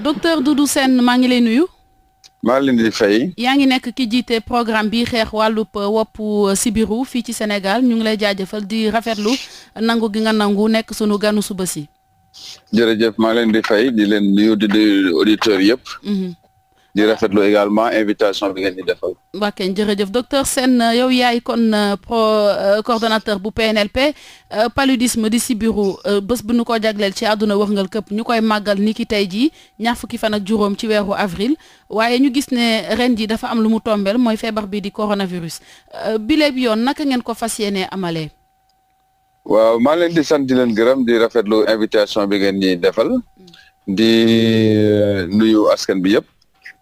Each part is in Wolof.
docteur du Sène maa ngi lay nuyu. maa leen di fay. yaa ngi nekk ki jiite programme bi xeex wàllub uh, woppu uh, sibiru fii ci Sénégal ñu ngi lay jaajëfal di rafetlu nangu gi nga nangu nekk sunu ganu suba si. jërëjëf maa leen di fay di leen nuyu di nuyu auditeurs yëpp. Mm-hmm. di rafetlu également invitation bi ngeen di defal. ok jërëjëf docteur Sène yow yaay kon euh, pro euh, coordonnateur bu PNLP euh, paludisme di sibiru bés bu nu ko jagleel ci àdduna wërngal këpp ñu koy màggal ni ki tey jii ñaar fukki fan ak juróom ci weeru avril waaye ñu gis ne ren ji dafa am lu mu tombeel mooy feebar bi di coronavirus bi léeb yoon naka ngeen ko fas yéenee amalee. waaw maa leen di sant di leen gërëm di rafetlu invitation bi ngeen mm. di defal di nuyu askan bi yëpp.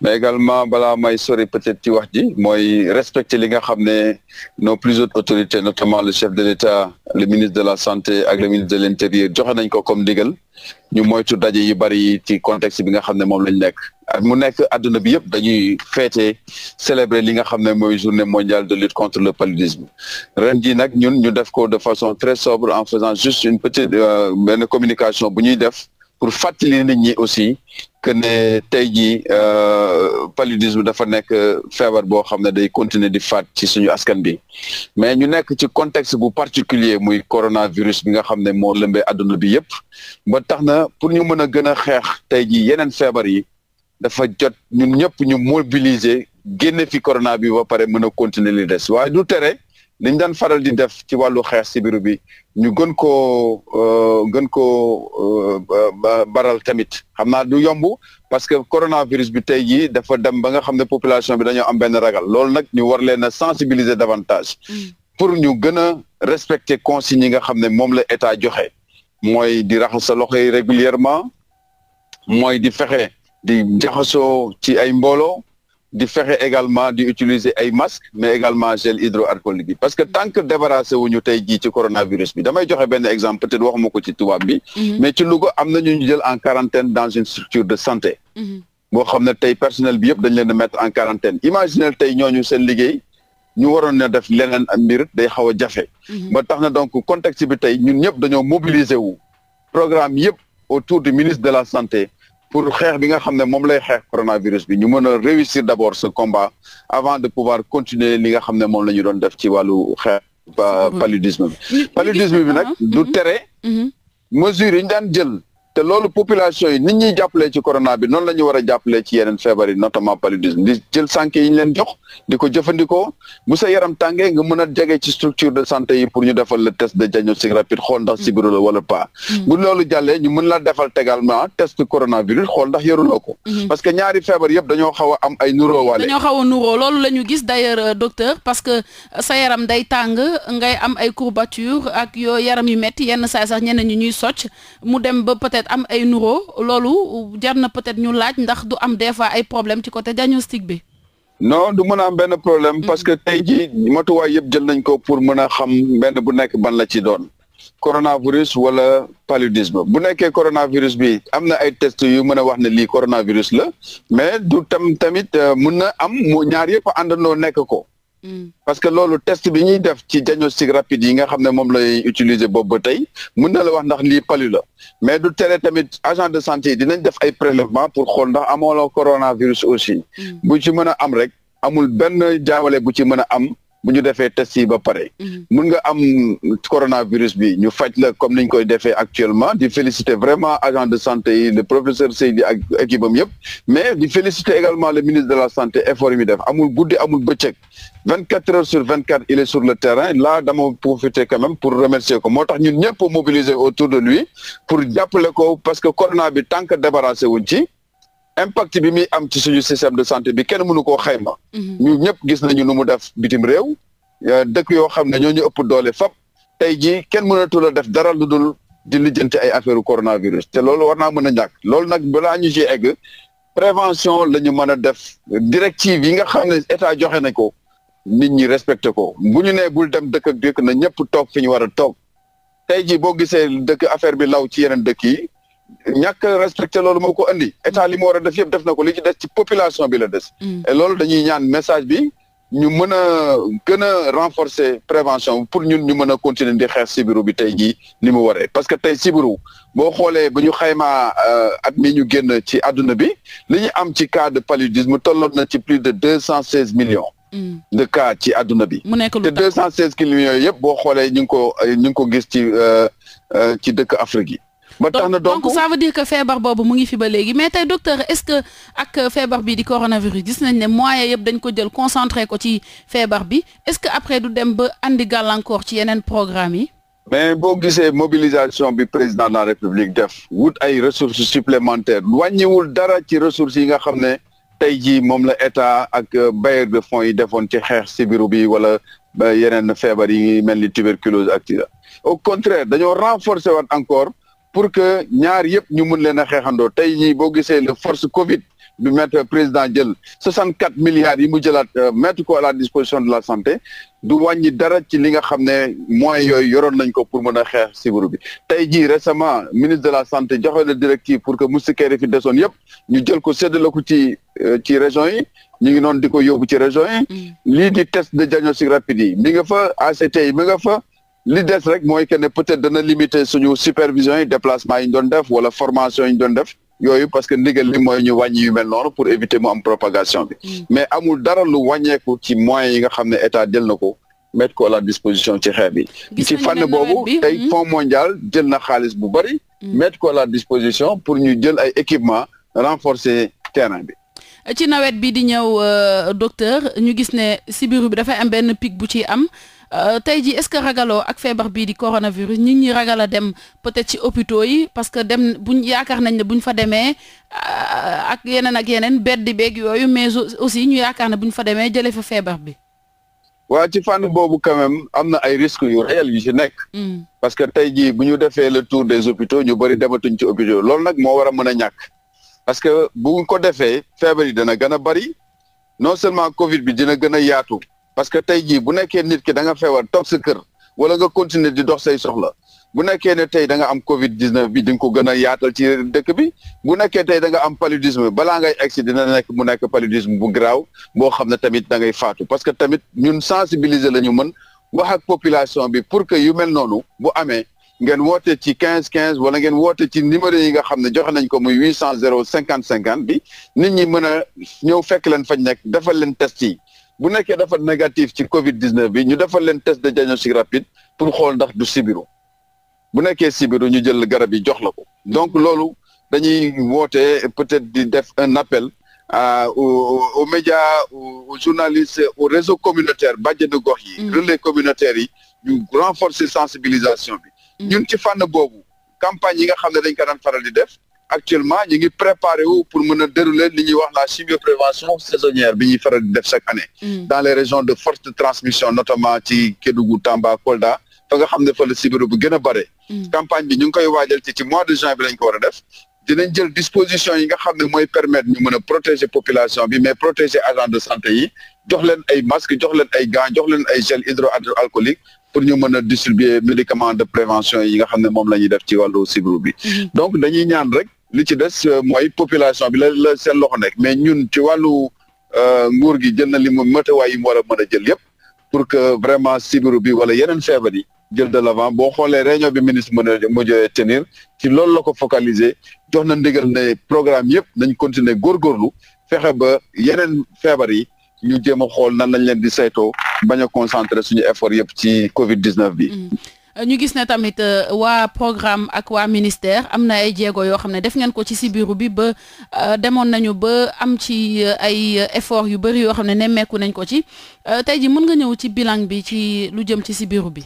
mais également balaa may sori peut-être ci wax ji mooy respecter li nga xam ne no plus hautes autorités notamment le chef de l'État le ministre de la santé ak le ministre de l'intérieur joxe nañ ko comme ndigal ñu moytu daje yi bari ci contexte bi nga xam ne moom lañ nekk mu nekk adduna bi yëpp dañuy feete célébrer li nga xam ne mooy journée mondiale de lutte contre le paludisme ren jii nag ñun ñu def ko de façon très sobre en faisant juste une petite euh, benn communication bu ñuy def pour fàttali nit ñi aussi que ne tey jii euh, paludisme dafa nekk feebar boo xam ne day continuer di faat ci suñu askan bi mais ñu nekk ci contexte bu particulier muy coronavirus bi nga xam ne moo lëmbee àdduna bi yëpp ba tax na pour ñu mën a gën a xeex tey jii yeneen feebar yi dafa jot ñu ñëpp ñu mobiliser génne fi corona bi ba pare mën a continuer li des waaye du tere liñ daan faral di def ci wàllu xeex sibiru bi ñu gën koo euh, gën koo euh, baral tamit xam naa du yomb parce que coronavirus bi tey jii dafa dem ba nga xam ne population bi dañoo am benn ragal loolu nag ñu war leen a sensibiliser davantage mm. pour ñu gën a respecter consignes yi nga xam ne moom la état joxe mooy di raxas sa loxo yi régulièrement mooy di fexe di jaxasoo ci ay mbooloo di fexe également di utiliser ay masques mais également gel hydroalcoolique yi parce que tant que wu wuñu tey jii ci coronavirus bi damay joxe benn exemple peut-être waxuma ko ci tubaab bi mhm. mais ci Louga am na ñu jël en quarantaine dans une structure de santé mhm. boo xam ne tey personnel bi yëpp dañ leen di mettre en quarantaine imaginez tey ñooñu seen liggéey ñu waroon na def leneen am mbir day xaw a jafe mhm. ba tax na donc contexte bi tey ñun ñëpp dañoo mobiliser wu programme yëpp autour du ministre de la santé pour xeex bi nga xam ne moom lay xeex coronavirus bi ñu mën a réussir d' abord ce combat avant de pouvoir continuer li nga xam ne moom la ñu doon def ci wàllu xeex paludisme bi paludisme bi nag du mhm. tere mhm. mesures yi ñu daan jël te loolu population yi nit ñuy jàppalee ci corona bi noonu la ñu war a jàppalee ci yeneen feebar yi notamment paludisme di jël sànke yi ñu leen jox di ko jëfandikoo sa yaram tàngee nga a mm-hmm. mm-hmm. a am ay nuroo wale dañoo xaw a loolu la gis d'ailleurs euh, docteur parce que sa yaram day tàng ngay am ay courbature ak yoo yaram yu metti yenn saa sax ñenn ñi ñuy socc mu dem ba peut am ay nuroo loolu jar na peut-être ñu laaj ndax du am des fois ay problème ci côté diagnostic bi. non du mën a am benn problème parce que mm-hmm. tey jii matuwaay yëpp jël nañ ko pour mën a xam mbenn bu nekk ban la ci doon. coronavirus wala paludisme bu nekkee coronavirus bi am na ay test yu mën a wax na lii coronavirus la mais du tam tamit euh, mën na am mu ñaar yëpp àndandoo nekk ko. Mm. parce que loolu test bi ñuy def ci diagnostic rapide yi nga xam ne moom lay utiliser boobu ba tey mun na la wax ndax lii palu la mais du tere tamit agent de santé yi dinañ def ay prélèvement pour xool ndax amooloo coronavirus aussi mm. bu ci mën a am rek amul benn jaawale bu ci mën a am bu ñu defee test yi ba pare. Mhm. mun nga am coronavirus bi ñu faj la comme ni ñu koy defee actuellement di féliciter vraiment agent de santé yi le professeur Seydi ak équipe am yëpp. mais di féliciter également le ministre de la santé effort yi muy def amul guddi amul bëccëg vingt quatre heures sur vingt quatre il est sur le terrain la dama profiter quand même pour remercier ko moo tax ñun ñëpp mobiliser autour de lui pour jàppale ko parce que corona bi tant que débarrassé wuñ ci. impact bi muy am ci suñu système de santé bi kenn mënu koo xayma. Mhm. ñu ñëpp gis nañu nu mu def bitim réew. dëkk yoo xam na ñoo ñu ëpp doole fap tey jii kenn mënatul a def dara lu dul di lijjanti ay affaire coronavirus te loolu war naa mën a ñàkk loolu nag balaa ñu ci egg prévention la ñu mën a def directive yi nga xam ne état joxe na ko nit ñi respecté ko bu ñu nee bul dem dëkk ak dëkk na ñëpp toog fi ñu war a toog tey jii boo gisee dëkk affaire bi law ci yeneen dëkk yi. ñàkk respecté loolu moo ko andi état li mu war a def yëpp def na ko li ci des ci population bi la des. Mm. et loolu dañuy ñaan message bi ñu mën a gën a renforcer prévention pour ñun ñu mën a continuer di xeex sibiru bi tey jii ni mu waree parce que tey sibiru boo xoolee ba ñu xaymaa euh, at mi ñu génn ci àdduna bi li ñu am ci cas de paludisme tolloon na ci plus de deux cent seize millions. Mm. de cas ci àdduna bi. mu nekk te deux cent seize millions yooyu yëpp boo xoolee ñu ngi ko ñu ngi ko gis ci euh, euh, ci dëkk Afrique yi. ba tax na donc ça veut dire que feebar boobu mu ngi fi ba léegi mais tey docteur est que ak feebar bi di coronavirus gis nañ ne moyen yëpp dañ ko jël concentré ko ci feebar bi est-ce que après du dem ba andi gàllankoor ci yeneen programme yi. mais boo gisee mobilisation bi président de la république def wut ay ressources supplémentaires wàññiwul dara ci ressources yi nga xam ne tey jii moom la état ak euh, bailleur de fonds yi defoon ci xeex sibiru bi wala euh, yeneen feebar yi mel ni tuberculose ak sida au contraire dañoo renforcer waat encore. pour que ñaar yëpp ñu mun leen a xeexandoo tey ñii boo gisee le force Covid du maître président jël 64 milliards yi mu jëlaat euh, mettre ko à la disposition de la santé du wàññi dara ci li nga xam ne moyens yooyu yoroon nañ ko pour mën a xeex sibiru bi tey jii récemment ministre de la santé joxe la directive pour que moustiquaires yi fi desoon yëpp ñu jël ko séddale ko ci euh, ci région yi ñu ngi noonu di ko yóbbu ci région yi. Mm. lii di test de diagnostic rapide yi mi nga fa ACT yi mi nga fa. li des rek mooy que ne peut-être dana limiter suñu supervision yi déplacement yi ñu doon def wala formation yi ñu def yooyu parce que ndigal li mooy ñu wàññi yu mel noonu pour éviter mu am propagation bi mm. mais amul dara lu wàññeeku ci moyens yi nga xam ne état jël na ko mettre ko la disposition ci xeex bi ci fànn boobu tey mm-hmm. fonds mondial jël na xaalis bu bëri mm. mettre ko la disposition pour ñu jël ay équipement renforcer terrain bi ci nawet bi di ñëw euh, docteur ñu gis ne sibiru bi dafay am benn pic bu ci am Euh, tey jii est-ce que ragaloo ak feebar bii di coronavirus nit ñi ragal a dem peut-être ci hôpitaux yi parce que dem buñ yaakaar nañ ne buñ fa demee euh, ak yeneen ak yeneen beddi beeg yooyu mais aussi ñu yaakaar ne buñ fa demee jëlee fa feebar bi. waaw ci fànn boobu quand am na ay risques yu réel yu ci nekk. Hmm. parce que tey jii bu ñu defee le tour des hôpitaux ñu bëri dematuñ ci hôpitaux loolu nag moo war a mën a ñàkk parce que bu ko defee feebar yi dana gën a bëri non seulement Covid bi dina gën a yaatu parce que tey jii bu nekkee nit ki da nga feebar toog sa kër wala nga continuer di dox say soxla bu nekkee ne tey da nga am Covid 19 bi di nga ko gën a yaatal ci dëkk bi bu nekkee tey da nga am paludisme balaa ngay egsi dina nekk mu nekk paludisme bu garaaw bo xam ne tamit da ngay faatu parce que tamit ñun sensibiliser la ñu mën wax ak population bi pour que yu mel noonu bu amee ngeen woote ci quinze quinze wala ngeen woote ci numéro yi nga xam ne joxe nañ ko muy huit cent zéro cinquante cinquante bi nit ñi mën a ñëw fekk leen fañ nekk defal leen test yi. bu nekkee dafa négatif ci Covid 19 bi ñu defa leen test de diagnostic rapide pour xool ndax du sibiru bu nekkee sibiru ñu jël garab yi jox la ko donc loolu dañuy woote peut-être di def un appel à aux, aux médias aux journalistes aux réseaux communautaires bàjjenu gox yi. Mm. relais communautaires yi ñu renforcer sensibilisation bi. Mm. ñun ci fànn boobu campagne yi nga xam ne dañ ko daan faral di def. actuellement ñu ngi préparé wu pour mën a dérouler li ñuy wax la chimioprévention saisonnière bi ñuy faral di def chaque année. Mm. dans les régions de forte transmission notamment ci Kédougou Tamba Kolda fa nga xam ne fa la sibiru bu gën a bare. Mm. campagne bi ñu ngi koy waajal ci ci mois de juin bi lañ ko war a def. dinañ jël disposition yi nga xam ne mooy permettre ñu mën a protéger population bi mais protéger agent de santé yi jox leen ay masques jox leen ay gants jox leen ay gel hydroalcoolique pour ñu mën a distribuer médicaments de prévention yi nga xam ne moom la ñuy def ci wàllu sibiru bi. Mm-hmm. donc dañuy ñaan rek li ci des euh, mooy population bi la la seen loxo nekk mais ñun ci wàllu euh, nguur gi jël na li mu matuwaay yi mu war mën a jël yëpp pour que vraiment sibiru bi wala yeneen feebar yi jël de l'avant boo xoolee réunion bi ministre mën a mujj tenir ci loolu la ko focaliser jox na ndigal ne programme yëpp nañ continuer góorgóorlu fexe ba yeneen feebar yi ñu jéem a xool nan lañ leen di saytoo bañ a concentrer suñu efort yëpp ci Covid 19 bi. Mm-hmm. ñu gis ne tamit euh, waa programme ak waa ministère am na ay jéego yoo xam ne def ngeen ko ci sibiru bi ba euh, demoon nañu ba am ci euh, ay effort yu bëri yoo xam ne nemmeeku nañ ko ci tey ji mën nga ñëw ci bilan bi ci lu jëm ci sibiru bi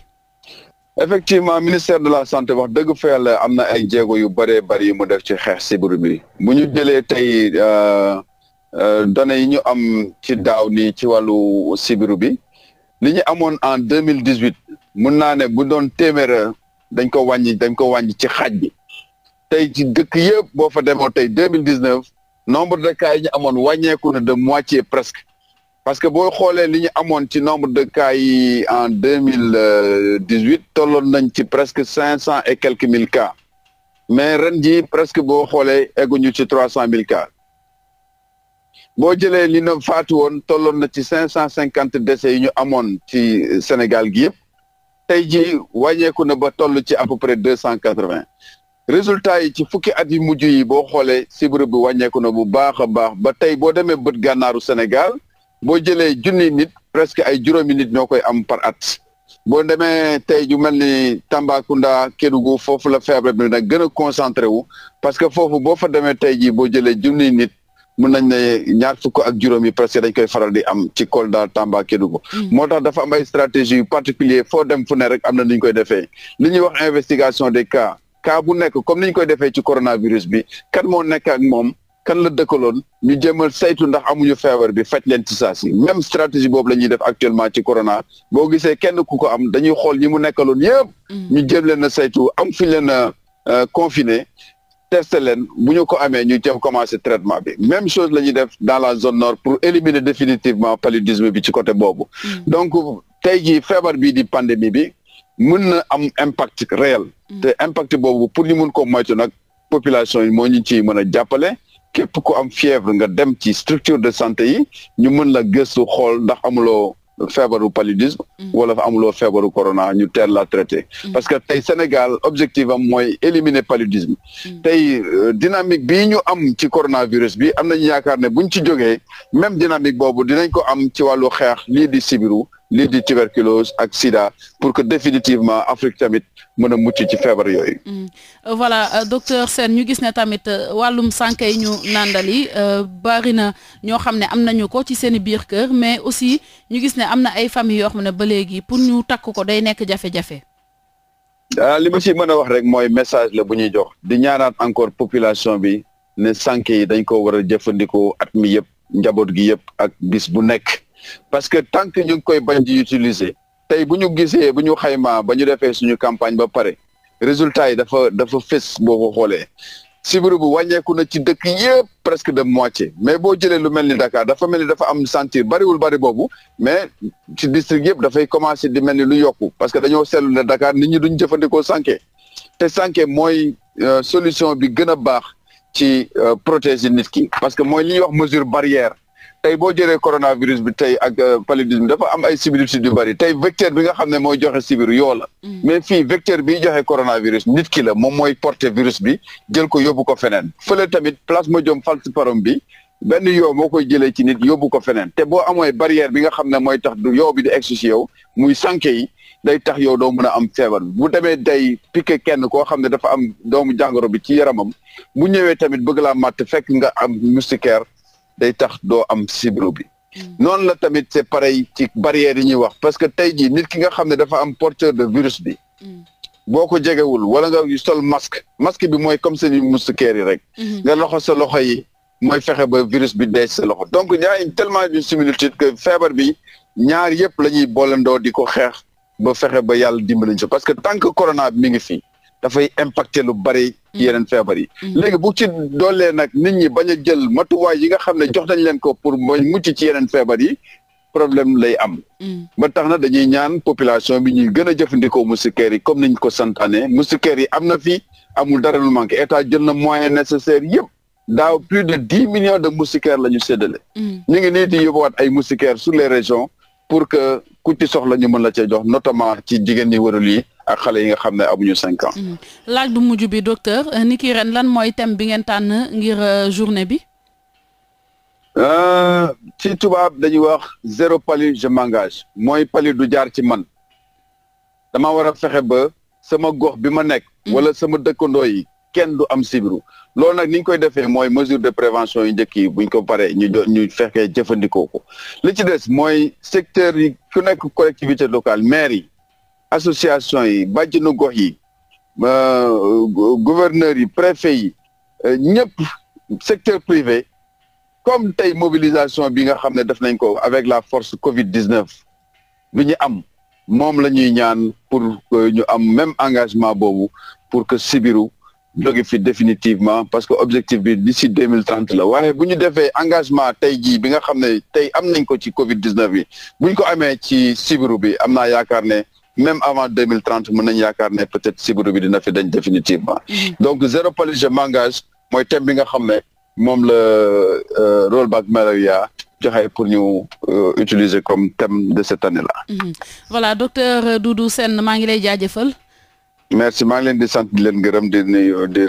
effectivement ministère de la santé wax dëgg fa yàlla am na ay jéego yu bëree bëri yu mu def ci xeex sibiru bi bu ñu jëlee tey données yi ñu am ci daaw nii ci wàllu sibiru bi li ñu amoon en deux mille dix huit mun naa ne bu doon téeméer dañ ko wàññi dañ ko wàññi ci xaaj bi tey ci dëkk yëpp boo fa demoo tey deux mille dix neuf nombre de cas yi ñu amoon wàññeeku na de moitié presque parce que boo xoolee li ñu amoon ci nombre de cas yi en deux mille dix huit tolloon nañ ci presque cinq cent et quelques mille cas mais ren jii presque boo xoolee eguñu ci trois cent mille cas boo jëlee li na faatu woon tolloon na ci cinq cent cinquante décès yi ñu amoon ci Sénégal gi yëpp tey jii wàññeeku na ba toll ci à peu cent quatre vingt résultat yi ci fukki at yi mujj yi boo xoolee sibiru bi wàññeeku na bu baax a baax ba tey boo demee bët gànnaaru Sénégal boo jëlee junni nit presque ay juróomi nit ñoo koy am par at boo demee tey ju mel ni Tambacounda Kédougou foofu la feebar bi nag gën a concentré wu parce que foofu boo fa demee tey jii boo jëlee junni nit mun nañ ne ñaar fukk ak juróom yi presque dañ koy faral di am ci Kolda Tamba Kédougou hmm. moo tax dafa am ay stratégie yu particulier foo dem fu ne rek am na nu ñu koy defee li ñuy wax investigation des cas cas bu nekk comme ni ñu koy defee ci coronavirus bi kan moo nekk ak moom kan la dëkkaloon ñu jëmal saytu ndax amuñu feebar bi faj leen ci saa si même stratégie boobu la ñuy def actuellement ci corona boo gisee kenn ku ko am dañuy xool ñi mu nekkaloon yëpp. Hmm. ñu jéem leen a saytu am fi leen a euh, confiné teste leen bu ñu ko amee ñu jëm commencé traitement bi même chose la ñuy def dans la zone nord pour éliminer définitivement paludisme bi ci côté boobu mm. donc tey ji feebar bi di pandémie bi mën na am impact réel mm. te impact boobu pour ñu mun ko moytu nag population yi moo ñu ciy mën a jàppale képp ku am fièvre nga dem ci structure de santé yi ñu mën la gëstu xool ndax amuloo feebaru paludisme. Mm. wala amuloo feebaru corona ñu teel la traité. Mm. parce que tey Sénégal objectif am mooy éliminer paludisme. Mm. tey euh, dynamique bii ñu am ci coronavirus bi am nañu yaakaar ne buñ ci jógee même dynamique boobu dinañ ko am ci wàllu xeex lii di sibiru. lii di tuberculose ak sida pour que définitivement Afrique tamit mën a mucc ci feebar yooyu. Mm. Euh, voilà euh, docteur sen ñu gis ne tamit euh, wàllum sànke yi ñu nàndali bari na ñoo xam ne am nañu ko ci seen biir kër mais aussi ñu gis ne am na ay famille yoo xam ne ba léegi pour ñu takk ko day nekk jafe-jafe. Ah, li ma si mën a wax rek mooy message la bu ñuy jox di ñaanaat encore population bi ne sànke yi dañ ko war a jëfandikoo at mi yëpp njaboot gi yëpp ak bis bu nekk. parce que tant ñu ngi koy bañ di utiliser tey bu ñu gisee bu ñu xaymaa ba ñu defee suñu campagne ba pare résultat yi dafa dafa fés boo xoolee sibiru bu wàññeeku na ci dëkk yëpp presque de moitié mais boo jëlee lu mel ni Dakar dafa mel ni dafa am sentir bariwul bari boobu mais ci district yëpp dafay commencé di mel ni lu yokku parce que dañoo seetlu ne Dakar nit ñi duñ jëfandikoo sànke te sànke mooy euh, solution bi gën a baax ci euh, protéger nit ki parce que mooy li ñuy wax mesure barrière tey boo jëlee coronavirus bi tey ak euh, paludisme dafa am ay similitudes yu bari tey vecteur bi nga xam ne mooy joxe sibiru yoo la mm. mais fii vecteur bi joxe coronavirus nit ki la moom mooy porter virus bi jël ko yóbbu ko feneen fële tamit plasmodium falciparum bi benn yoo moo koy jëlee ci nit yóbbu ko feneen te boo amee barrière bi nga xam ne mooy tax du yoo bi di egsi si yow muy sànke day tax yow doo mën a am feebar bu demee day piqué kenn koo xam ne dafa am doomu jàngoro bi ci yaramam bu ñëwee tamit bëgg laa màtt fekk nga am moustiquaire day tax doo am sibro bi mm. noonu la tamit c'est pareil ci barrière yi ñuy wax parce que tey jii nit ki nga xam ne dafa am porteur de virus bi mm. boo ko jegewul wala nga sol masque masque bi mooy comme seen moustiquaire yi rek mm-hmm. nga loxo sa loxo yi mooy fexe ba virus bi dee sa loxo donc y a une tellement une similitude que feebar bi ñaar yëpp lañuy ñuy di ko xeex ba fexe ba yàlla dimbaliñ so parce que tant corona bi mi ngi fii dafay impacte lu bari mm. yeneen feebar yi. Mm. léegi bu ci doole nag nit ñi bañ a jël matuwaay yi nga xam ne jox nañ leen ko pour bañ mucc ci yeneen feebar yi. problème lay am mm. ba tax na dañuy ñaan population bi ñuy gën a jëfandikoo moustiquaires yi comme niñ ko santaane moustiquaires yi am na fii amul dara lu manqué état jël na moyen nécessaire yëpp daaw plus de dix millions de moustiquaires la ñu séddale ñu ngi nii di yóbbuwaat ay moustiquaires sur les régions pour que ku ci soxla ñu mën la cee jox notamment ci jigéen ñi wërul yi ak xale yi nga xam ne amuñu cinq hmm. laaj bu mujj bi docteur euh, ni ki ren lan mooy thème bi ngeen tànn ngir euh, journée bi. Euh, ci tubaab dañuy wax zéro pali je m'engage mooy pali du jaar ci man dama war a fexe ba sama gox bi ma nekk. Hmm. wala sama dëkkandoo yi kenn du am sibiru loolu nag ni koy defee mooy mesure de prévention yi njëkk yi buñ ko paree ñu ñu fekkee jëfandikoo ko li ci des mooy secteur yi ku nekk collectivité locale maire yi. association yi bàjjenu gox yi gouverneurs yi préfet yi euh, ñëpp secteur privé comme tey mobilisation bi nga xam ne def nañ ko avec la force Covid 19 lu ñu am moom la ñuy ñaan pour ñu am même engagement boobu pour que Sibiru jóge fi définitivement parce que objectif bi d'ici deux mille trente la waaye bu ñu defee engagement tey jii bi nga xam ne tey am nañ ko ci Covid 19 bi buñ ko amee ci Sibiru bi am naa yaakaar ne. même avant deux mille trente mën nañu yaakaar ne peut-être sibiru bi dina fi définitivement. Mhm. donc zéro palud je mooy thème bi nga xam ne moom la euh, rollback malaria joxe pour ñu euh, utiliser comme thème de cette année là. Mhm. voilà docteur Doudou Sène maa ngi lay jaajëfal. merci maa ngi leen di sant di leen gërëm di nuyu di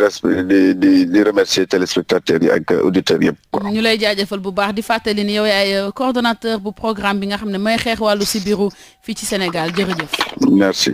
di di di remercier téléspectateurs yi ak auditeurs yëpp. ñu lay jaajafal bu baax di fàttali ni yow yaay euh, coordonnateur bu programme bi nga xam ne mooy xeex wàllu sibiru fii ci Sénégal jërëjëf. merci.